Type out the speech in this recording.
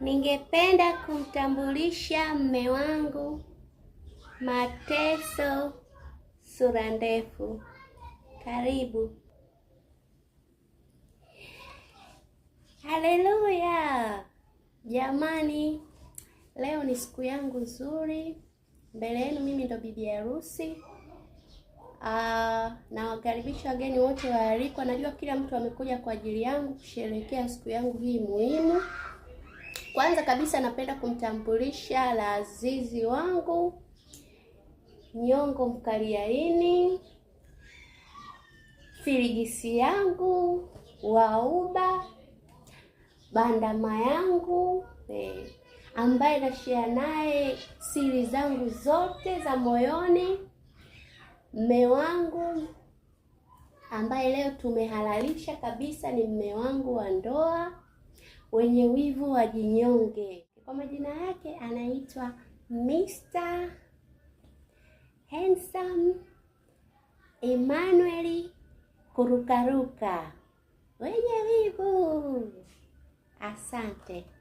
Ningependa kumtambulisha mme wangu Mateso sura ndefu. Karibu. Haleluya! Jamani, leo ni siku yangu nzuri mbele yenu. Mimi ndo bibi harusi. Ah, Na wakaribisha wageni wote waalikwa. Najua kila mtu amekuja kwa ajili yangu kusherehekea siku yangu hii muhimu. Kwanza kabisa napenda kumtambulisha Lazizi wangu Nyongo Mkaliaini, firigisi yangu Wauba, bandama yangu eh, ambaye nashia naye siri zangu zote za moyoni, mme wangu ambaye leo tumehalalisha kabisa, ni mme wangu wa ndoa wenye wivu wa jinyonge Kwa majina yake anaitwa Mr. Handsome Emmanuel Kurukaruka, wenye wivu. Asante.